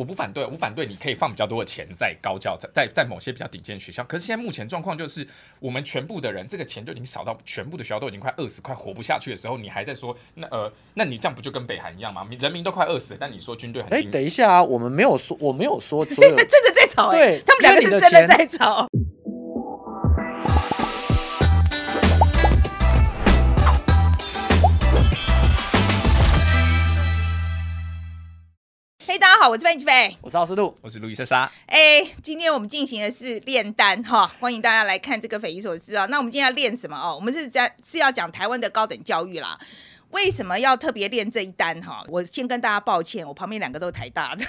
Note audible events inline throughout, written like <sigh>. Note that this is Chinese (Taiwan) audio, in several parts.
我不反對，我反對。你可以放比較多的錢在高教，在在某些比較頂尖的學校。可是現在目前狀況就是，我們全部的人這個錢就已經少到，全部的學校都已經快餓死，快活不下去的時候，你還在說那呃，那你這樣不就跟北韓一樣嗎？人民都快餓死了，但你說軍隊很精。哎、欸，等一下啊，我們沒有說，我沒有說所有 <laughs> 真的在吵、欸，對他們兩個是真的在吵。好，我是范琪斐，我是奧斯陸，我是路易莎莎。哎、欸，今天我們進行的是煉丹哈，歡迎大家來看這個斐姨所思啊。 <laughs> 那我們今天要煉什麼哦？我們是在是要講台灣的高等教育啦。為什麼要特別練這一單哈？我先跟大家抱歉，我旁邊兩個都是台大的，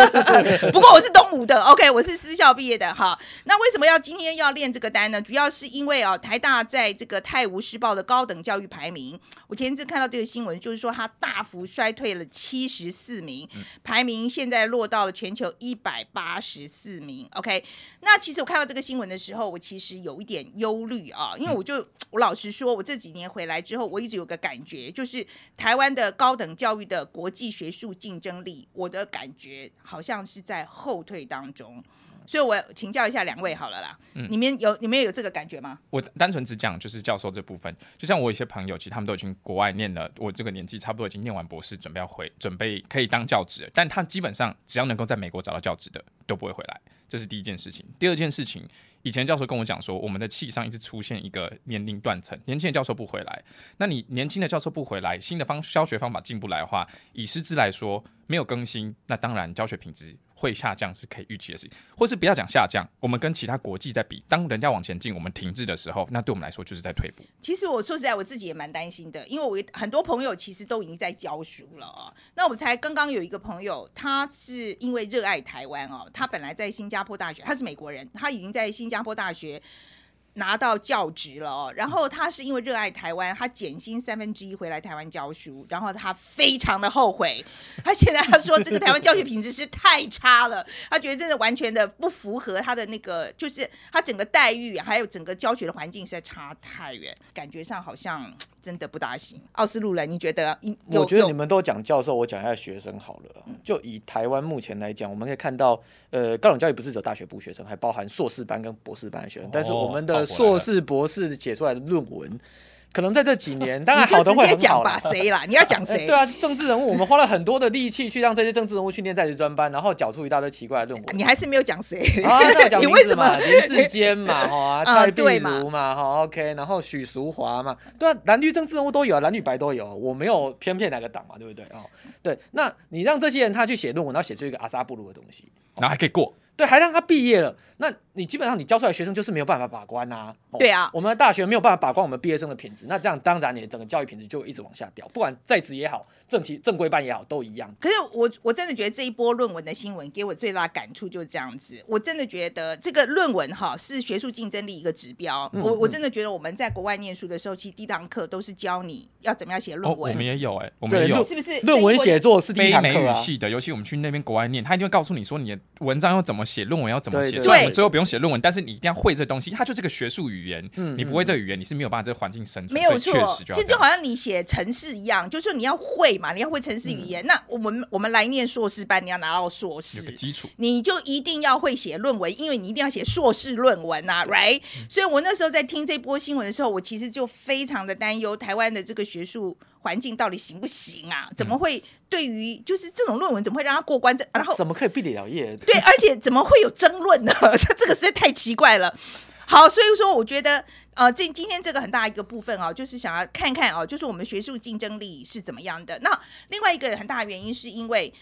<laughs> 不過我是東吳的，OK，我是私校畢業的哈。那為什麼要今天要練這個單呢？主要是因為哦，台大在這個《泰晤士報》的高等教育排名，我前陣看到這個新聞，就是說它大幅衰退了七十四名，嗯，排名現在落到了全球一百八十四名。OK，那其實我看到這個新聞的時候，我其實有一點憂慮啊，因為我就我老實說，我這幾年回來之後，我一直有一個感覺。也就是台灣的高等教育的國際學術競爭力，我的感覺好像是在後退當中，所以我請教一下兩位好了啦，嗯，你們有你們有這個感覺嗎？我單純只講就是教授這部分，就像我有些朋友，其實他們都已經國外念了，我這個年紀差不多已經念完博士，準備要回準備可以當教職了，但他基本上只要能夠在美國找到教職的都不會回來。這是第一件事情，第二件事情，以前教授跟我講說，我們的系上一直出現一個年齡斷層，年輕的教授不回來，那你年輕的教授不回來，新的方教學方法進不來的話，以師資來說沒有更新，那當然教學品質，會下降是可以預期的事情，或是不要講下降，我們跟其他國際在比，當人家往前進，我們停滯的時候，那對我們來說就是在退步。其實我說實在，我自己也蠻擔心的，因為我很多朋友其實都已經在教書了啊、哦。那我才剛剛有一個朋友，他是因為熱愛台灣哦，他本來在新加坡大學，他是美國人，他已經在新加坡大學。拿到教職了哦，然後他是因為熱愛台灣，他減薪三分之一回來台灣教書，然後他非常的後悔，他現在說這個台灣教學品質是太差了，他覺得真的完全的不符合他的那個，就是他整個待遇還有整個教學的環境實在差太遠，感覺上好像。真的不大行。奧斯陸人，你覺得？一我覺得你們都講教授，我講一下學生好了。就以台灣目前來講，我們可以看到，呃，高等教育不是只有大學部學生，還包含碩士班跟博士班的學生。但是我們的碩士、博士寫出來的論文。哦可能在這幾年，當然好的會很好了。直接講吧，誰啦？你要講誰？ <laughs> 對啊，政治人物，我們花了很多的力氣去讓這些政治人物訓練在職專班，然後講出一大堆奇怪的論文。你還是沒有講誰 <laughs> 啊？那我講名字嘛，為什麼林智堅嘛，哈、啊啊，蔡壁如嘛，哈、哦、，OK，然後許淑華嘛，對、啊，藍綠政治人物都有、啊，藍綠白都有、啊，我沒有偏偏哪個黨嘛，對不對啊、哦？對，那你讓這些人他去寫論文，然後寫出一個阿薩布魯的東西，然後還可以過，對，還讓他畢業了，那。你基本上你教出來學生就是沒有辦法把關吶。對啊，我們的大學沒有辦法把關我們畢業生的品質，那這樣當然你的整個教育品質就一直往下掉，不管在職也好，正正正規班也好，都一樣。可是我我真的覺得這一波論文的新聞給我最大感觸就是這樣子。我真的覺得這個論文哈是學術競爭力一個指標。我我真的覺得我們在國外念書的時候，其實第一堂課都是教你要怎麼樣寫論文。我們也有哎，我們也有，是不是？論文寫作是必課啊。系的，尤其我們去那邊國外念，他一定會告訴你說，你的文章要怎麼寫，論文要怎麼寫，所以我們最後不用。寫論文，但是你一定要會這東西，它就是個學術語言。嗯嗯你不會這個語言，你是沒有辦法在環境生存。沒有錯，這就好像你寫程式一樣，就是你要會嘛，你要會程式語言。嗯、那我們我們來念碩士班，你要拿到碩士有個基礎，你就一定要會寫論文，因為你一定要寫碩士論文啊，right？、嗯、所以我那時候在聽這波新聞的時候，我其實就非常的擔憂台灣的這個學術。環境到底行不行啊？怎麼會對於就是這種論文怎麼會讓他過關？這然後怎麼可以畢得了業？對，而且怎麼會有爭論呢？這 <laughs> 這個實在太奇怪了。好，所以說我覺得呃，這今天這個很大一個部分啊、哦，就是想要看看哦，就是我們學術競爭力是怎麼樣的。那另外一個很大原因是因為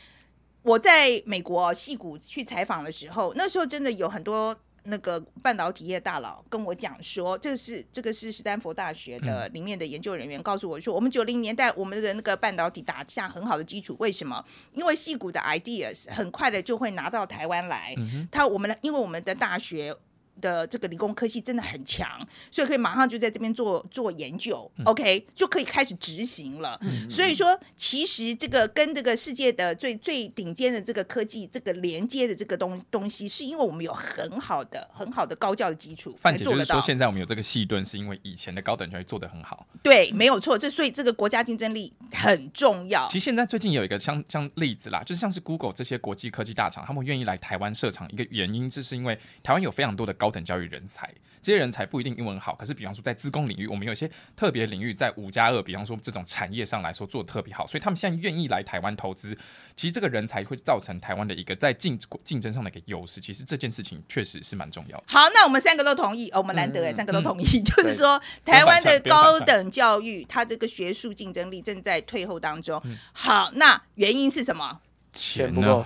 我在美國矽、哦、谷去採訪的時候，那時候真的有很多。那個半導體業大佬跟我講說，這個是這個是斯坦福大學的裡面的研究人員告訴我說，嗯、我們九零年代我們的那個半導體打下很好的基礎，為什麼？因為硅谷的 ideas 很快的就會拿到台灣來，嗯、他我們因為我們的大學。的這個理工科系，真的很強，所以可以馬上就在這邊做做研究、嗯、，OK，就可以開始執行了嗯嗯嗯。所以說，其實這個跟這個世界的最最頂尖的這個科技這個連接的這個東東西，是因為我們有很好的、很好的高教的基礎。范姐就是說，現在我們有這個矽盾，是因為以前的高等教育做得很好。對，沒有錯。這所以這個國家競爭力很重要。其實現在最近有一個像像例子啦，就是像是 Google 這些國際科技大廠，他們願意來台灣設廠，一個原因就是因為台灣有非常多的高。高等教育人才，這些人才不一定英文好，可是比方說在資工領域，我們有些特別領域在五加二，比方說這種產業上來說做得特別好，所以他們現在願意來台灣投資。其實這個人才會造成台灣的一個在競競爭上的一個優勢。其實這件事情確實是蠻重要。好，那我們三個都同意，哦、我們難得哎、嗯，三個都同意，嗯嗯、就是說台灣的高等教育，它這個學術競爭力正在退後當中。嗯、好，那原因是什麼？錢呢？錢不夠。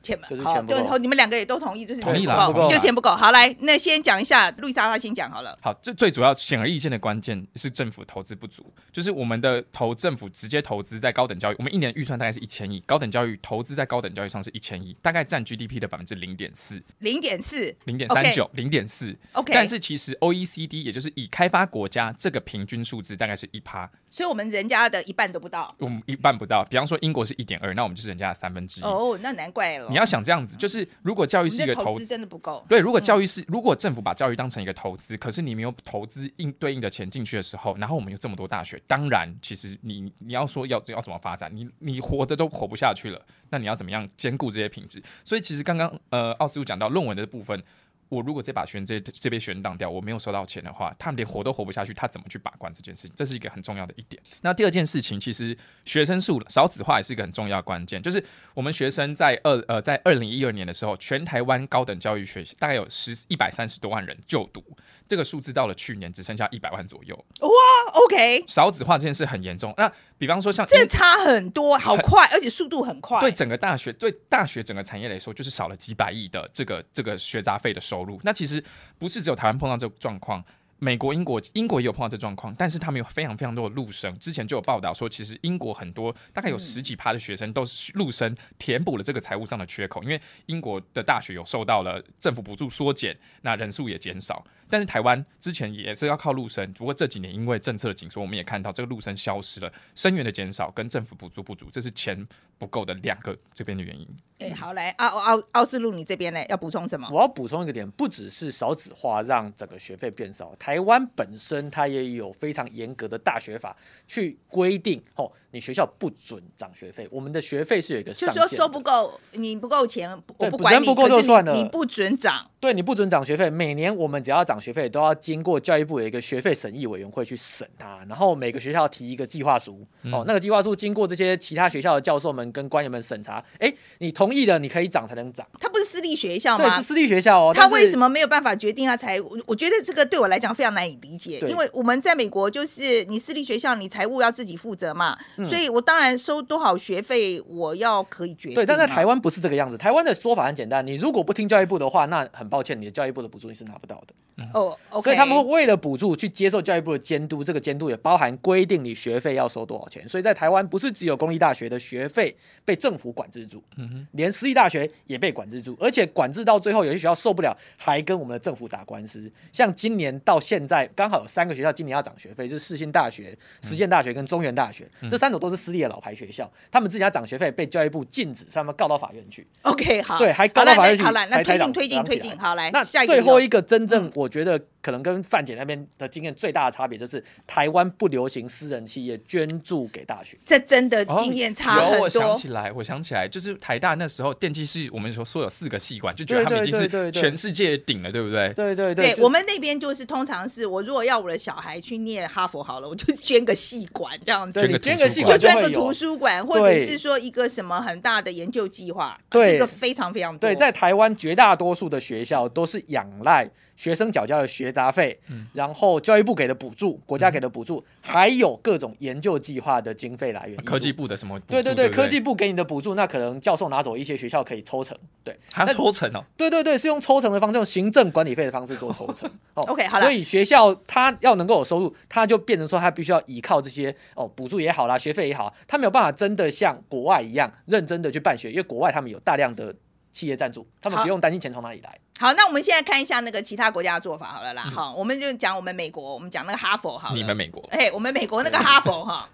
就是、錢不夠，就你們兩個也都同意，就是錢同意了不夠，就是、錢不夠。好，來，那先講一下，路易莎她先講好了。好，這最主要顯而易見的關鍵是政府投資不足，就是我們的投政府直接投資在高等教育，我們一年預算大概是一千億，高等教育投資在高等教育上是一千億，大概占 GDP 的百分之零點四，零點四，零點三九，零點四。OK，但是其實 OECD 也就是已開發國家這個平均數字大概是一趴。所以我們人家的一半都不到，我、嗯、們一半不到。比方說英國是一點二，那我們就是人家的三分之一。哦、oh，那難怪了。你要想這樣子，就是如果教育是一個投資，投資真的不夠。對，如果教育是、嗯，如果政府把教育當成一個投資，可是你沒有投資應對應的錢進去的時候，然後我們有這麼多大學，當然其實你你要說要要怎麼發展，你你活的都活不下去了。那你要怎麼樣兼顧這些品質？所以其實剛剛呃奧斯陸講到論文的部分。我如果這把學生這這邊學生當掉，我沒有收到錢的話，他連活都活不下去，他怎麼去把關這件事情？這是一個很重要的一點。那第二件事情，其實學生數少子化也是一個很重要的關鍵，就是我們學生在二呃、在二零一二年的時候，全台灣高等教育學習大概有十一百三十多萬人就讀。這個數字到了去年只剩下一百萬左右。哇、oh，OK，少子化這件事很嚴重。那比方說像這個、差很多，好快很，而且速度很快。對整個大學，對大學整個產業來說，就是少了幾百億的這個這個學雜費的收入。那其實不是只有台灣碰到這個狀況。美國、英國、英國也有碰到這狀況，但是他們有非常非常多的陸生。之前就有報道說，其實英國很多，大概有十幾趴的學生都是陸生，填補了這個財務上的缺口。因為英國的大學有受到了政府補助縮減，那人數也減少。但是台灣之前也是要靠陸生，不過這幾年因為政策的緊縮，我們也看到這個陸生消失了，生源的減少跟政府補助不足，這是錢不夠的兩個這邊的原因，哎、嗯欸，好來澳澳奧斯陸，你這邊呢要補充什麼？我要補充一個點，不只是少子化讓整個學費變少，台灣本身它也有非常嚴格的大學法去規定，哦，你學校不准漲學費。我們的學費是有一個上限，就是、說收不夠，你不夠錢，我不管你不夠就算了，你不准漲。對，你不准漲學費，每年我們只要漲學費，都要經過教育部的一個學費審議委員會去審它，然後每個學校提一個計劃書、嗯，哦，那個計劃書經過這些其他學校的教授們跟官員們審查，哎，你同意了，你可以漲才能漲。私立學校嗎？對，是私立學校哦。他為什麼沒有辦法決定他財務？我覺得這個對我來講非常難以理解。因為我們在美國，就是你私立學校，你財務要自己負責嘛、嗯，所以我當然收多少學費，我要可以決定。對，但在台灣不是這個樣子。台灣的說法很簡單，你如果不聽教育部的話，那很抱歉，你的教育部的補助你是拿不到的。哦，OK。所以他們為了補助去接受教育部的監督，這個監督也包含規定你學費要收多少錢。所以在台灣，不是只有公立大學的學費被政府管制住、嗯哼，連私立大學也被管制住。而且管制到最後，有些學校受不了，還跟我們的政府打官司。像今年到現在，剛好有三個學校今年要漲學費，就是世新大學、實踐大學跟中原大學、嗯，這三種都是私立的老牌學校，他們自己要漲學費，被教育部禁止，所以他們告到法院去。OK，好，對，還告到法院去。來，那推進推進推進，好來。那最後一個真正我覺得、嗯、可能跟范姐那邊的經驗最大的差別，就是台灣不流行私人企業捐助給大學，這真的經驗差很多、哦有。我想起來，我想起來，就是台大那時候電機系我們說說有。四個系館，就覺得他們已經是全世界頂了。對對對對對，對不對？對對對，我們那邊就是通常是我如果要我的小孩去念哈佛好了，我就捐個系館這樣子，捐個系館，就捐個圖書館，或者是說一個什麼很大的研究計劃，對這個非常非常多。對，在台灣，絕大多數的學校都是仰賴。學生繳交的學雜費、嗯，然後教育部給的補助，國家給的補助、嗯，還有各種研究計劃的經費來源，科技部的什麼？對對對，對，對，科技部給你的補助，那可能教授拿走一些學校可以抽成，對，還要抽成哦？對對對，是用抽成的方式，用行政管理費的方式做抽成。 <laughs> 哦、OK，好啦，所以學校他要能夠有收入，他就變成說他必須要依靠這些哦，補助也好啦，學費也好，他沒有辦法真的像國外一樣認真的去辦學，因為國外他們有大量的。企業贊助，他們不用擔心錢從哪裡來好。好，那我們現在看一下那個其他國家的做法，好了啦、嗯。好，我們就講我們美國，我們講那個哈佛，好，你們美國，哎、hey，我們美國那個哈佛，哈。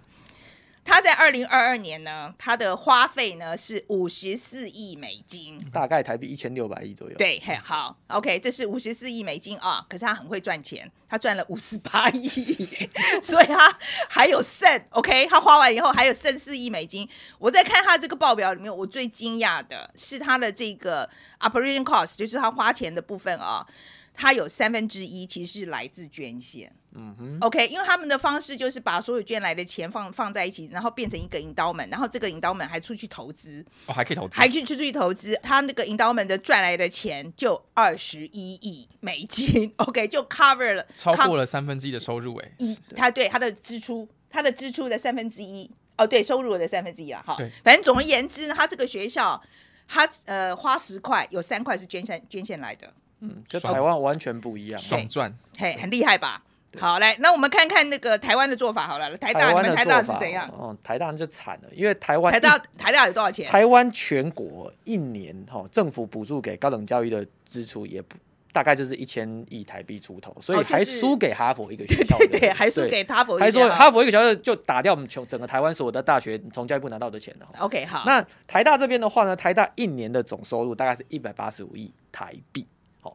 他在二零二二年呢，他的花費呢是五十四億美金，大概台幣一千六百億左右。對，很好，OK，這是五十四億美金啊、哦。可是他很會賺錢，他賺了五十八億， <laughs> <laughs> 所以他還有剩。OK，他花完以後還有剩四億美金。我在看他這個報表裡面，我最驚訝的是他的這個 operating cost，就是他花錢的部分啊、哦。他有三分之一其實是來自捐獻，嗯哼，OK，因為他們的方式就是把所有捐來的錢放放在一起，然後變成一個 endowment，然後這個 endowment 還出去投資，哦，還可以投資，還去出去投資。他那個 endowment 的賺來的錢就二十一億美金，OK，就 cover 了，超過了三分之一的收入哎、欸，一，對他對他的支出，他的支出的三分之一，哦，對，收入的三分之一啊，哈，反正總而言之呢，他這個學校，他呃花十塊，有三塊是捐獻捐獻來的。嗯，就台灣完全不一樣，雙賺，嘿，很厲害吧？好，來，那我們看看那個台灣的做法好了。台大，台灣的做法，你們台大是怎樣？哦，台大就慘了，因為台灣台大台大有多少錢？台灣全國一年哈、哦，政府補助給高等教育的支出也大概就是一千億台幣出頭，所以還輸給哈佛一個學校，哦就是。對對、對、對，還輸給哈佛，還說哈佛一個小學校就打掉我們全整個台灣所有的大學從教育部拿到的錢了，哦。OK，好。那台大這邊的話呢，台大一年的總收入大概是一百八十五億台幣。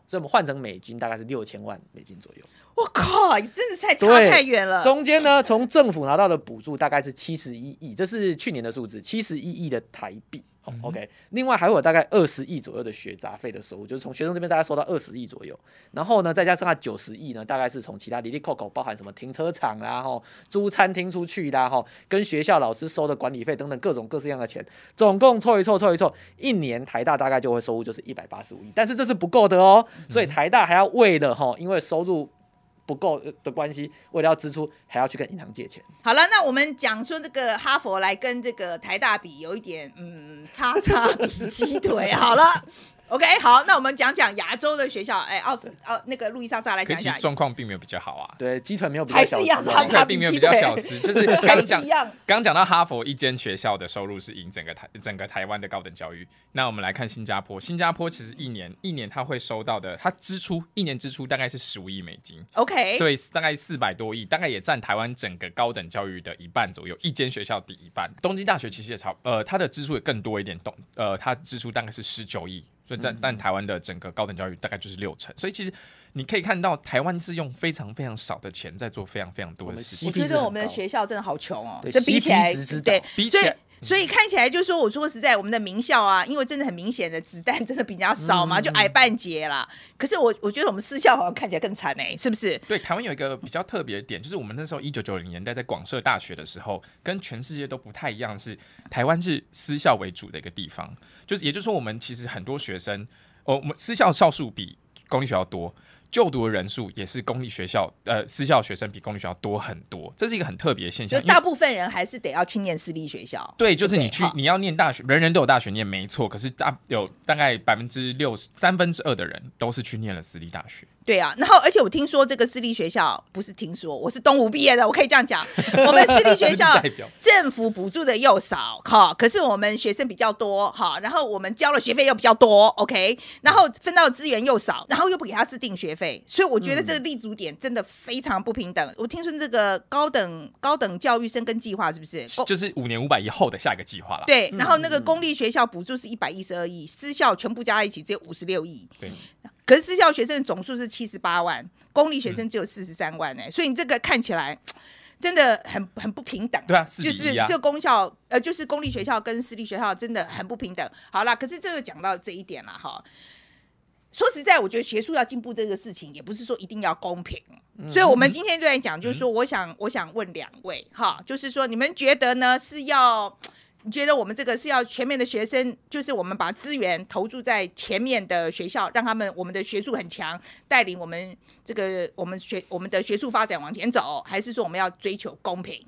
所以，我們換成美金，大概是六千萬美金左右。我靠！你真的差太遠了。中間呢，從政府拿到的補助大概是七十一億，這是去年的數字，七十一億的台幣、嗯。OK，另外還會有大概二十億左右的學雜費的收入，就是從學生這邊大概收到二十億左右。然後呢，再加上那九十億呢，大概是從其他哩哩扣扣，包含什麼停車場啦、啊、哈租餐廳出去的、啊、哈，跟學校老師收的管理費等等各種各式各樣的錢，總共湊一湊，湊一湊，一年台大大概就會收入就是一百八十五億。但是這是不夠的哦，所以台大還要為了哈，因為收入。不夠的關係，為了要支出，還要去跟銀行借錢。好了，那我們講說這個哈佛來跟這個台大比，有一點嗯，叉叉比雞腿。 <laughs> 好了。OK，好，那我們講講亞洲的學校，哎、欸，澳、澳那個路易莎莎來講講，狀況並沒有比較好啊。對，雞腿沒有比較小，雞腿、啊、並沒有比較小吃對就是剛講剛講到哈佛一間學校的收入是贏整，整個台，整個台灣的高等教育。那我們來看新加坡，新加坡其實一年一年他會收到的，他支出一年支出大概是十五億美金，OK，所以大概四百多億，大概也佔台灣整個高等教育的一半左右，一間學校抵一半。東京大學其實也差，呃，它的支出也更多一點，東，呃，它支出大概是十九億。但但台灣的整個高等教育大概就是六成，嗯、所以其實你可以看到台灣是用非常非常少的錢在做非常非常多的事情。我覺得我們的學校真的好窮哦、喔，這比起來，對，比,之之對比起來所，所以看起來就是說，我說實在，我們的名校啊，因為真的很明顯的子彈真的比較少嘛，嗯、就矮半截啦、嗯。可是我我覺得我們私校好像看起來更慘哎、欸，是不是？對，台灣有一個比較特別的點，就是我們那時候一九九零年代在廣設大學的時候，跟全世界都不太一樣，是台灣是私校為主的一個地方，就是也就是說，我們其實很多學。生，哦，我們私校校數比公立學校多，就讀的人數也是公立學校，呃，私校學生比公立學校多很多，這是一個很特別的現象。就是、大部分人還是得要去念私立學校。對，就是你去，你要念大學，念大學，人人都有大學念沒錯，可是大有大概百分之六十，三分之二的人都是去念了私立大學。對啊，然後而且我聽說這個私立學校，不是聽說，我是東吳畢業的，我可以這樣講， <laughs> 我們私立學校 <laughs> 政府補助的又少哈，可是我們學生比較多哈，然後我們交了學費又比較多，OK，然後分到資源又少，然後又不給他制定學費，所以我覺得這個立足點真的非常不平等。嗯、我聽說這個高等高等教育深耕計劃是不是，是就是五年五百億後的下一個計劃了？對，然後那個公立學校補助是一百一十二億，嗯，私校全部加在一起只有五十六億。對。嗯可是私校學生總數是七十八萬，公立學生只有四十三萬哎、欸嗯，所以你這個看起來真的很很不平等，對啊，啊就是這公校呃，就是公立學校跟私立學校真的很不平等。好啦，可是這個講到這一點了哈。說實在，我覺得學術要進步這個事情，也不是說一定要公平。所以我們今天就在講、嗯，就是說，我想我想問兩位哈，就是說你們覺得呢是要？你覺得我們這個是要前面的學生，就是我們把資源投注在前面的學校，讓他們我們的學術很強，帶領我們這個我們學我們的學術發展往前走，還是說我們要追求公平？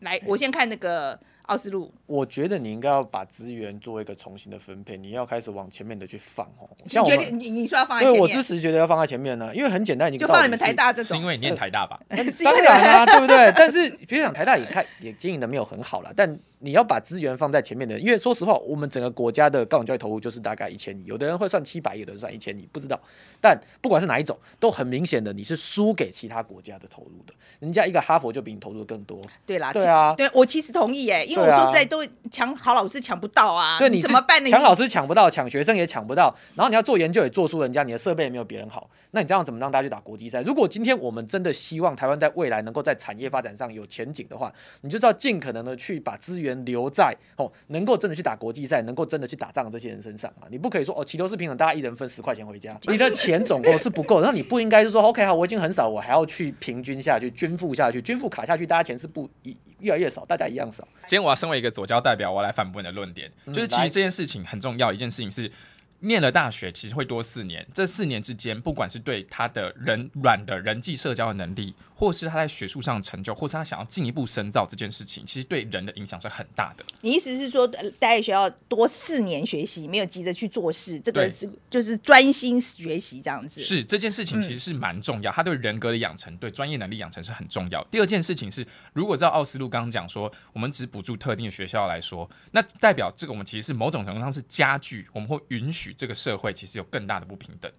來，我先看那個奧斯陸。我覺得你應該要把資源做一個重新的分配，你要開始往前面的去放哦。像我覺得你你說要放在前面？對我支持，覺得要放在前面呢，因為很簡單，你就放你們台大這，這、呃、是因為你念台大吧？當然啊， <laughs> 對不對？但是比如講台大也看 <laughs> 也經營的沒有很好了，但。你要把資源放在前面的，因為說實話，我們整個國家的高等教育投入就是大概一千億，有的人會算七百億，有的人算一千億，不知道。但不管是哪一種，都很明顯的你是輸給其他國家的投入的，人家一個哈佛就比你投入更多。對啦，對啊，對,對我其實同意耶，因為我說實在都搶好老師搶不到啊，對,啊對，你怎麼辦？呢？搶老師搶不到，搶學生也搶不到，然後你要做研究也做輸人家，你的設備也沒有別人好，那你這樣怎麼讓大家去打國際賽？如果今天我們真的希望台灣在未來能夠在產業發展上有前景的話，你就知道盡可能的去把資源。留在哦，能夠真的去打國際賽，能夠真的去打仗這些人身上啊！你不可以說哦，齊頭式平等，大家一人分十塊錢回家，你的錢總共是不夠， <laughs> 那你不應該是說 OK 好，我已經很少，我還要去平均下去，均富下去，均富卡下去，大家錢是不一越來越少，大家一樣少。今天我要身為一個左膠代表，我來反駁你的論點，就是其實這件事情很重要。一件事情是。念了大學，其實會多四年。這四年之間，不管是對他的人軟的人際社交的能力，或是他在學術上的成就，或是他想要進一步深造這件事情，其實對人的影響是很大的。你意思是說，待、呃、在學校多四年學習，沒有急着去做事，這個是就是專心學習這樣子。是這件事情其實是蠻重要，他、嗯、對人格的養成、對專業能力養成是很重要。第二件事情是，如果照奧斯陸剛剛講說，我們只補助特定的學校來說，那代表這個我們其實是某種程度上是加劇，我們會允許。這個社會其實有更大的不平等。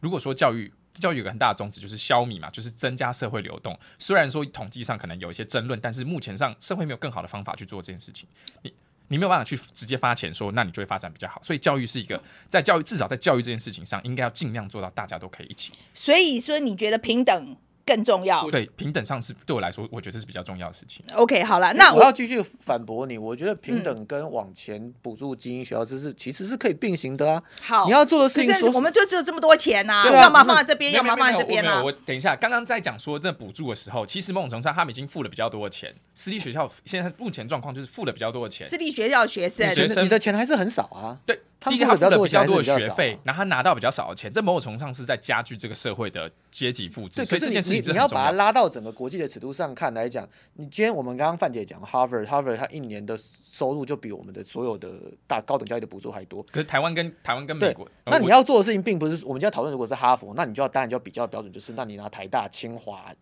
如果說教育，教育有個很大的宗旨就是消弭嘛，就是增加社會流動。雖然說統計上可能有一些爭論，但是目前上社會沒有更好的方法去做這件事情。你，你沒有辦法去直接發錢說，那你就會發展比較好。所以教育是一個，在教育，至少在教育這件事情上，應該要盡量做到大家都可以一起。所以說，你覺得平等？更重要，對平等上是對我來說，我覺得是比較重要的事情。OK，好了，那我，我要繼續反駁你。我覺得平等跟往前補助精英學校，這是、嗯、其實是可以並行的、啊。好，你要做的事情說我們就只有這麼多錢吶、啊啊，要嘛放在這邊，要嘛放在這邊啊。我，我等一下，剛剛在講說這補助的時候，其實某種程度上他們已經付了比較多的錢。私立學校現在目前狀況就是付了比較多的錢。私立學校的學，生學生，你的錢還是很少啊。對。第一，他交了比較多的，較少的學費，然後他拿到比較少的錢，這某種程度上是在加劇這個社會的階級複製。所以這件事情你，你要把它拉到整個國際的尺度上看來講，你今天我們剛剛范姐講哈佛，哈佛他一年的收入就比我們的所有的大高等教育的補助還多。可是台灣跟台灣跟美國，那你要做的事情並不是我們今天討論，如果是哈佛，那你就要當然就要比較標準，就是那你拿台大、清華。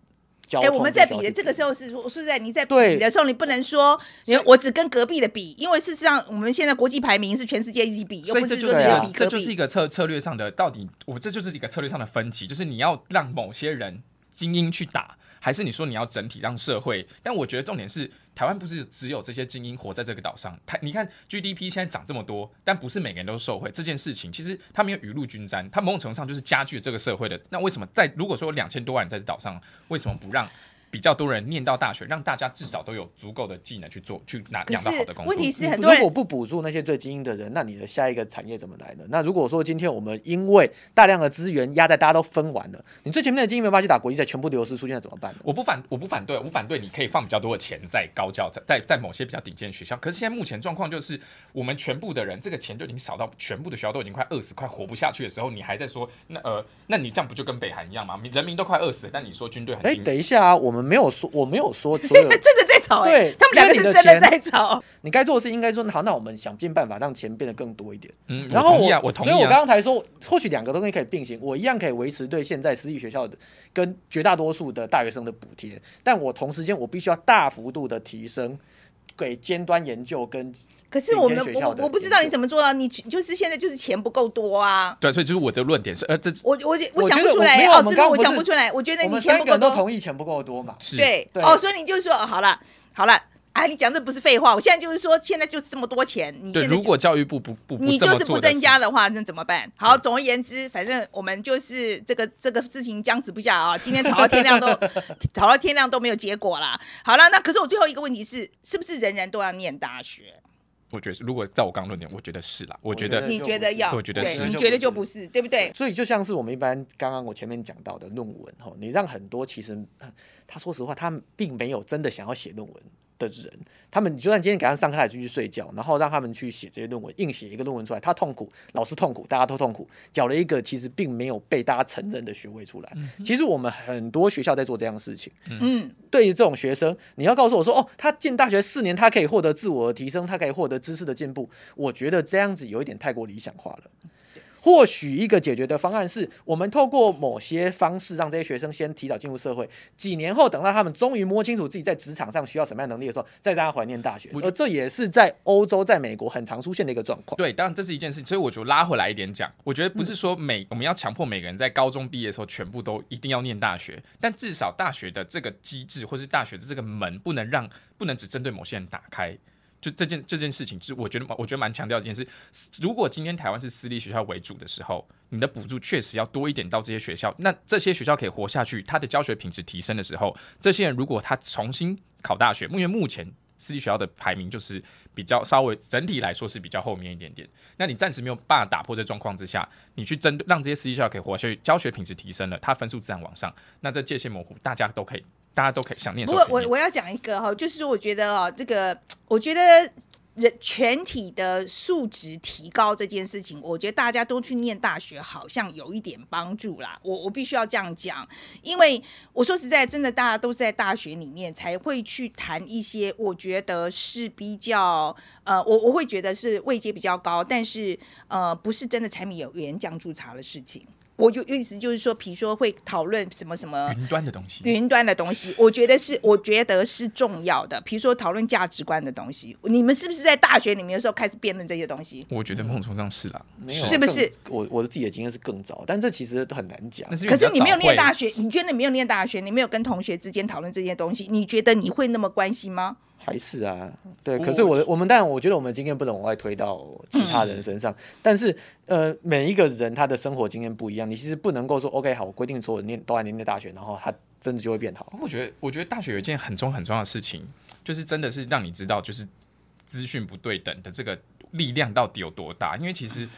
哎、欸，我們在比的這個時候是說是在，你在比的時候，你不能說，你我只跟隔壁的比，因為事實上我們現在國際排名是全世界一起比，比，所以這就是一個這就是一個策策略上的，到底我這就是一個策略上的分歧，就是你要讓某些人精英去打，還是你說你要整體讓社會？但我覺得重點是。台灣不是只有這些精英活在這個島上，台你看 GDP 現在漲這麼多，但不是每個人都受惠，這件事情，其實他沒有雨露均沾，他某種程度上就是加劇了這個社會的。那為什麼在如果說有兩千多萬人在這島上，為什麼不讓？比較多人念到大學，讓大家至少都有足夠的技能去做，去拿養到好的工作。問題是很多人，如果不補助那些最精英的人，那你的下一個產業怎麼來呢？那如果說今天我們因為大量的資源壓在大家都分完了，你最前面的精英沒辦法去打國際賽，全部流失，出現了怎麼辦？我不反，我不反對，我反對你可以放比較多的錢在高教，在在某些比較頂尖學校。可是現在目前狀況就是，我們全部的人這個錢就已經少到，全部的學校都已經快餓死，快活不下去的時候，你還在說那呃，那你這樣不就跟北韓一樣嗎？人民都快餓死了，但你說軍隊很精。哎、欸，等一下啊，我們。沒有說，我沒有說有， <laughs> 真的在吵，欸，對他們兩個是真的在吵。你該做的事應該說，好，那我們想盡辦法讓錢變得更多一點。嗯，然後我，嗯我啊，我啊，所以我剛剛才說，或許兩個東西可以並行，我一樣可以維持對現在私立學校的跟絕大多數的大學生的補貼，但我同時間我必須要大幅度的提升給尖端研究跟可是我們我我不知道你怎麼做到、啊，你就是現在就是錢不夠多啊。對，所以就是我的論點是，呃，這我我我想不出來，沒腦子，哦、我,剛剛是是我想不出來。我覺得你錢不夠多。我們三個都同意錢不夠多嘛是對。對，哦，所以你就是說好了、哦，好了，哎、啊，你講這不是廢話，我現在就是說，現在就是這麼多錢，你現在對如果教育部不不,不，你就是不增加的話，那怎麼辦？好，嗯、總而言之，反正我們就是這個這個事情僵持不下啊，今天吵到天亮都吵 <laughs> 到天亮都沒有結果啦。好了，那可是我最後一個問題是，是不是人人都要念大學？我覺得，如果照我剛剛論點，我覺得是啦。我覺得，你覺得，我覺得你覺得要，我覺得是，你覺得就不是，對不對，對？所以就像是我們一般剛剛我前面講到的論文，你讓很多其實，他說實話，他並沒有真的想要寫論文。的人，他們就算今天給他上課，還是去睡覺，然後讓他們去寫這些論文，硬寫一個論文出來，他痛苦，老師痛苦，大家都痛苦，繳了一個其實並沒有被大家承認的學位出來。其實我們很多學校在做這樣的事情。嗯，對於這種學生，你要告訴我說，哦，他進大學四年，他可以獲得自我的提升，他可以獲得知識的進步，我覺得這樣子有一點太過理想化了。或許一個解決的方案是，我們透過某些方式，讓這些學生先提早進入社會。幾年後，等到他們終於摸清楚自己在職場上需要什麼樣能力的時候，再讓他回來念大學。而這也是在歐洲、在美國很常出現的一個狀況。對，當然這是一件事情。所以我就拉回來一點講，我覺得不是說每、嗯、我們要強迫每個人在高中畢業的時候全部都一定要念大學，但至少大學的這個機制或是大學的這個門，不能讓不能只針對某些人打開。就這件這件事情，就是我覺得，我覺得蠻強調一件事。如果今天台灣是私立學校為主的時候，你的補助確實要多一點到這些學校，那這些學校可以活下去，它的教學品質提升的時候，這些人如果他重新考大學，因為目前私立學校的排名就是比較稍微整體來說是比較後面一點點，那你暫時沒有辦法打破這狀況之下，你去針對讓這些私立學校可以活下去，教學品質提升了，他分數自然往上，那這界限模糊，大家都可以。大家都可以想念什麼？我我我要講一個哈，就是我覺得啊，這個我覺得人全體的素質提高這件事情，我覺得大家都去念大學好像有一點幫助啦。我我必須要這樣講，因為我說實在真的，大家都是在大學裡面才會去談一些我覺得是比較呃，我我會覺得是位階比較高，但是呃，不是真的柴米油鹽醬醋茶的事情。我就意思就是說，比如說會討論什麼什麼雲端的東西，雲端的東西，我覺得是 <laughs> 我覺得是重要的。比如說討論價值觀的東西，你們是不是在大學裡面的時候開始辯論這些東西？我覺得某種程度上是啦，啊，沒、嗯、有是不是？我我的自己的經驗是更早，但這其實很難講。可是你沒有念大學，你覺得你沒有念大學，你沒有跟同學之間討論這些東西，你覺得你會那麼關心嗎？還是啊，對，可是我的我，我，我們，但我覺得我們的經驗不能往外推到其他人身上，嗯。但是，呃，每一個人他的生活經驗不一樣，你其實不能夠說 OK，好，我規定所有人都來念大學，然後他真的就會變好。我覺得，我覺得大學有一件很重很重要的事情，就是真的是讓你知道，就是資訊不對等的這個力量到底有多大，因為其實。嗯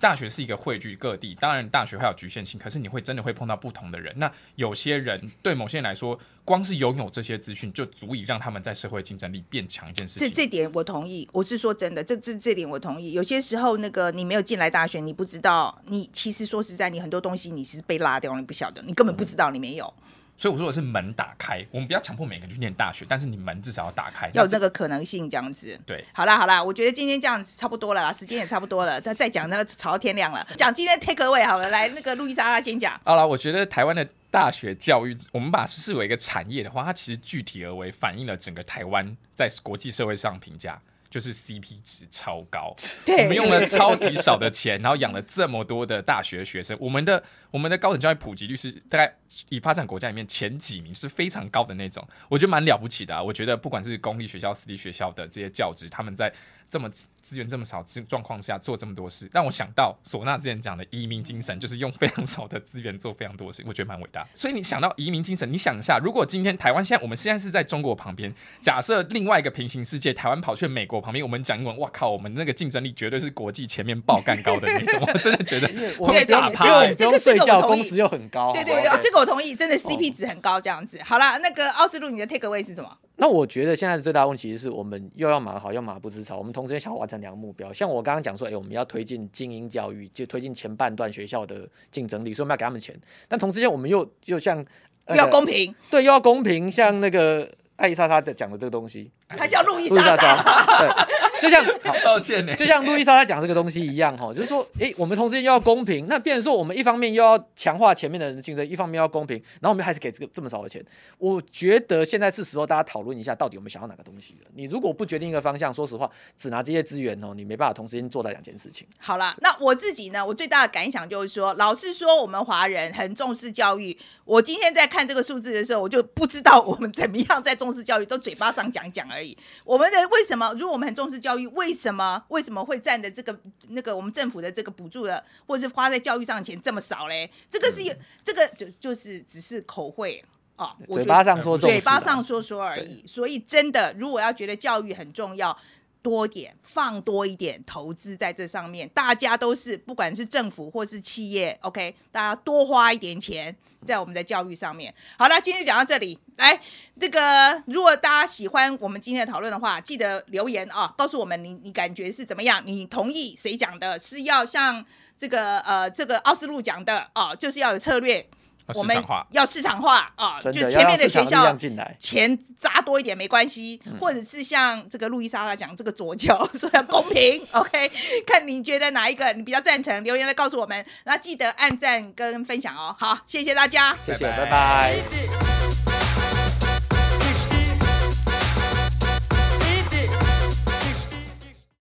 大學是一個匯聚各地，當然大學會有局限性，可是你會真的會碰到不同的人。那有些人對某些人來說，光是擁有這些資訊就足以讓他們在社會競爭力變強一件事情。這這點我同意。我是說真的，這這這點我同意。有些時候，那個你沒有進來大學，你不知道，你其實說實在，你很多東西你是被拉掉，你不曉得，你根本不知道你沒有。嗯所以我說的是門打開，我們不要強迫每個人去念大學，但是你門至少要打開，要有這個可能性這樣子。對，好啦好啦，我覺得今天這樣子差不多了啦，時間也差不多了， <laughs> 再講那再講那個，吵到天亮了。講今天 take away。好了， <laughs> 來那個路易莎拉先講。好了，我覺得台灣的大學教育，我們把它視為一個產業的話，它其實具體而為反映了整個台灣在國際社會上的評價。就是 CP 值超高，對，我們用了超級少的錢，然後養了這麼多的大學學生。我們的我們的高等教育普及率是大概已發展國家裡面前幾名，是非常高的那種。我覺得蠻了不起的啊。我覺得不管是公立學校、私立學校的這些教職，他們在這麼資源這麼少狀況下做這麼多事，讓我想到索吶之前講的移民精神，就是用非常少的資源做非常多的事，我覺得蠻偉大。所以你想到移民精神，你想一下，如果今天台灣現在，我們現在是在中國旁邊，假設另外一個平行世界，台灣跑去美國。旁邊我們講英文，哇靠！我們那個競爭力絕對是國際前面爆幹高的那種， <laughs> 我真的覺得會打趴。不用睡覺，工時、這個、又很高。對對，對，這個我同意，真的 CP 值很高這樣子。嗯、好了，那個奧斯陸，你的 takeaway 是什麼？那我覺得現在的最大的問題是我們又要馬好，又馬不知草。我們同時也想要想完成兩個目標，像我剛剛講說，哎、欸，我們要推進精英教育，就推進前半段學校的競爭力，所以我們要給他們錢。但同時間，我們又又像又要公平、呃，對，又要公平，像那個。路莎莎在講的這個東西，他叫路易莎莎、莎莎 <laughs> 對，就像好道歉呢，就像路易莎莎講這個東西一樣哈， <laughs> 就是說，誒、欸，我們同時又要公平，那變成說我們一方面又要強化前面的人的競爭，一方面又要公平，然後我們還是給這個這麼少的錢。我覺得現在是時候大家討論一下到底我們想要哪個東西了。你如果不決定一個方向，說實話，只拿這些資源哦，你沒辦法同時做兩件事情。好了，那我自己呢，我最大的感想就是說，老是說我們華人很重視教育，我今天在看這個數字的時候，我就不知道我們怎麼樣在中。重視教育都嘴巴上講講而已。我們的為什麼？如果我們很重視教育，為什麼為什麼會占的這個那個我們政府的這個補助的，或是花在教育上的錢這麼少嘞？這個是有、嗯、這個就就是只是口惠啊我，嘴巴上說，嘴巴上說說而已。所以真的，如果要覺得教育很重要。多點放多一點投資在這上面，大家都是不管是政府或是企業，OK，大家多花一點錢在我們的教育上面。好了，今天就講到這裡。來，這個如果大家喜歡我們今天的討論的話，記得留言啊，告訴我們你你感覺是怎麼樣，你同意誰講的？是要像這個呃這個奧斯陸講的啊，就是要有策略。我們要市場化啊，啊，啊，就前面的學校錢砸多一點沒關係，嗯，或者是像這個路易莎她講這個左腳說，所以、嗯、要公平 <laughs> ，OK，看你覺得哪一個你比較贊成，留言來告訴我們，然後記得按讚跟分享哦，好，謝謝大家，謝謝，拜拜。拜拜。